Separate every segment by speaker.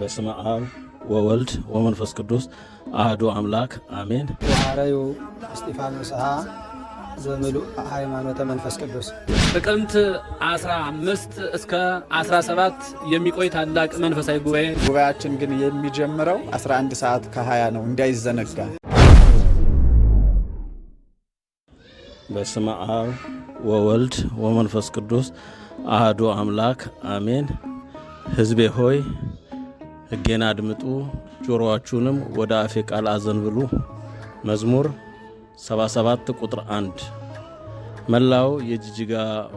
Speaker 1: በስመ አብ ወወልድ ወመንፈስ ቅዱስ አህዶ አምላክ አሜን።
Speaker 2: ዋህራዩ እስጢፋኖስ ሀ ዘምሉእ ሃይማኖተ መንፈስ ቅዱስ
Speaker 3: ጥቅምት 15 እስከ 17 የሚቆይ ታላቅ መንፈሳዊ ጉባኤ።
Speaker 4: ጉባኤያችን ግን የሚጀምረው 11 ሰዓት ከ20 ነው እንዳይዘነጋ።
Speaker 1: በስመ አብ ወወልድ ወመንፈስ ቅዱስ አህዶ አምላክ አሜን። ህዝቤ ሆይ ሕጌን አድምጡ ጆሮአችሁንም ወደ አፌ ቃል አዘንብሉ። መዝሙር 77 ቁጥር 1። መላው የጅጅጋ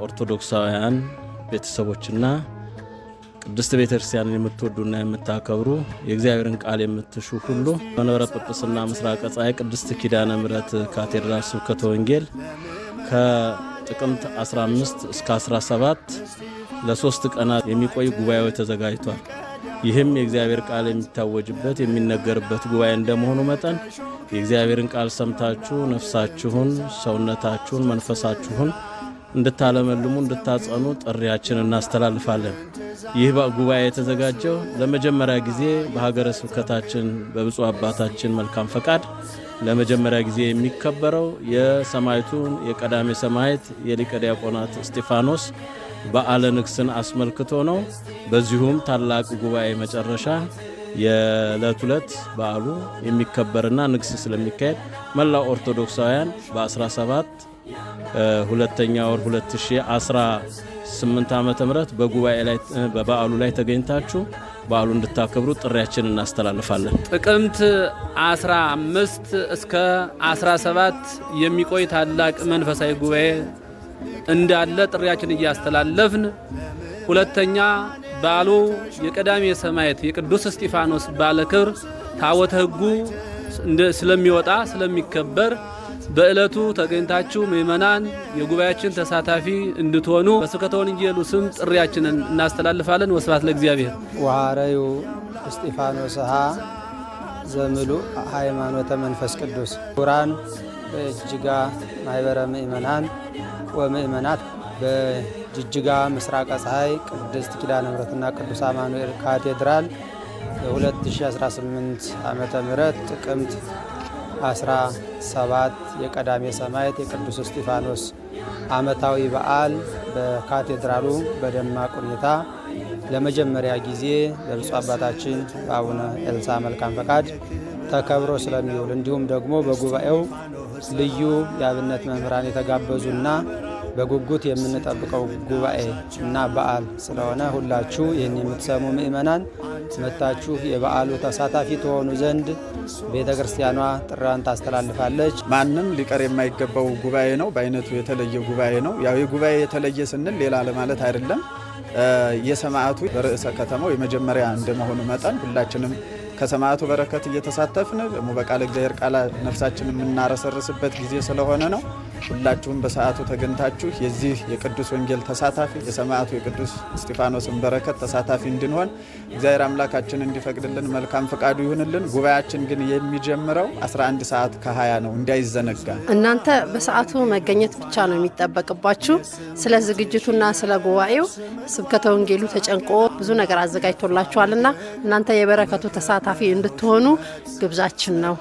Speaker 1: ኦርቶዶክሳውያን ቤተሰቦችና ቅድስት ቤተ ክርስቲያንን የምትወዱና የምታከብሩ የእግዚአብሔርን ቃል የምትሹ ሁሉ መንበረ ጵጵስና ምስራቀ ፀሐይ ቅድስት ኪዳነ ምሕረት ካቴድራል ስብከተ ወንጌል ከጥቅምት 15 እስከ 17 ለሶስት ቀናት የሚቆይ ጉባኤው ተዘጋጅቷል። ይህም የእግዚአብሔር ቃል የሚታወጅበት የሚነገርበት ጉባኤ እንደመሆኑ መጠን የእግዚአብሔርን ቃል ሰምታችሁ ነፍሳችሁን፣ ሰውነታችሁን፣ መንፈሳችሁን እንድታለመልሙ እንድታጸኑ ጥሪያችን እናስተላልፋለን። ይህ ጉባኤ የተዘጋጀው ለመጀመሪያ ጊዜ በሀገረ ስብከታችን በብፁዕ አባታችን መልካም ፈቃድ ለመጀመሪያ ጊዜ የሚከበረው የሰማዕቱን የቀዳሜ ሰማዕት የሊቀ ዲያቆናት እስጢፋኖስ በዓለ ንግሥን አስመልክቶ ነው። በዚሁም ታላቅ ጉባኤ መጨረሻ የዕለት ዕለት በዓሉ የሚከበርና ንግሥ ስለሚካሄድ መላው ኦርቶዶክሳውያን በ17 ሁለተኛ ወር 2018 ዓመተ ምህረት በጉባኤ ላይ በበዓሉ ላይ ተገኝታችሁ በዓሉ እንድታከብሩ ጥሪያችን እናስተላልፋለን።
Speaker 3: ጥቅምት 15 እስከ 17 የሚቆይ ታላቅ መንፈሳዊ ጉባኤ እንዳለ ጥሪያችን እያስተላለፍን ሁለተኛ በዓሉ የቀዳሜ ሰማዕት የቅዱስ እስጢፋኖስ ባለ ክብር ታቦተ ሕጉ ስለሚወጣ ስለሚከበር በእለቱ ተገኝታችሁ ምእመናን የጉባኤያችን ተሳታፊ እንድትሆኑ በስብከተ ወንጌሉ ስም ጥሪያችንን እናስተላልፋለን። ወስብሐት ለእግዚአብሔር።
Speaker 2: ወሐረዩ እስጢፋኖስ ሀ ዘምሉ ሃይማኖተ መንፈስ ቅዱስ ቁራን በጅጅጋ ማይበረ ምእመናን ወምእመናት በጅጅጋ ምስራቀ ፀሐይ ቅድስት ኪዳነ ምሕረትና ቅዱስ አማኑኤል ካቴድራል የ2018 ዓመተ ምህረት ጥቅምት 17 የቀዳሜ ሰማዕት የቅዱስ እስጢፋኖስ ዓመታዊ በዓል በካቴድራሉ በደማቅ ሁኔታ ለመጀመሪያ ጊዜ በብፁዕ አባታችን በአቡነ ኤልሳ መልካም ፈቃድ ተከብሮ ስለሚውል እንዲሁም ደግሞ በጉባኤው ልዩ የአብነት መምህራን የተጋበዙና በጉጉት የምንጠብቀው ጉባኤ እና በዓል ስለሆነ ሁላችሁ ይህን የምትሰሙ ምእመናን መታችሁ የበዓሉ ተሳታፊ ትሆኑ ዘንድ ቤተ ክርስቲያኗ ጥራን ታስተላልፋለች።
Speaker 5: ማንም ሊቀር የማይገባው ጉባኤ ነው። በአይነቱ የተለየ ጉባኤ ነው። ያው የጉባኤ የተለየ ስንል ሌላ ለማለት አይደለም። የሰማዕቱ በርዕሰ ከተማው የመጀመሪያ እንደመሆኑ መጠን ሁላችንም ከሰማዕቱ በረከት እየተሳተፍን ደግሞ በቃለ እግዚአብሔር ቃል ነፍሳችን የምናረሰርስበት ጊዜ ስለሆነ ነው። ሁላችሁም በሰዓቱ ተገኝታችሁ የዚህ የቅዱስ ወንጌል ተሳታፊ የሰማዕቱ የቅዱስ እስጢፋኖስን በረከት ተሳታፊ እንድንሆን እግዚአብሔር አምላካችን እንዲፈቅድልን መልካም ፈቃዱ ይሁንልን። ጉባኤያችን ግን የሚጀምረው 11 ሰዓት ከ20 ነው፣ እንዳይዘነጋ።
Speaker 6: እናንተ በሰዓቱ መገኘት ብቻ ነው የሚጠበቅባችሁ። ስለ ዝግጅቱና ስለ ጉባኤው ስብከተ ወንጌሉ ተጨንቆ ብዙ ነገር አዘጋጅቶላችኋልና እናንተ የበረከቱ ተሳታፊ እንድትሆኑ ግብዛችን ነው።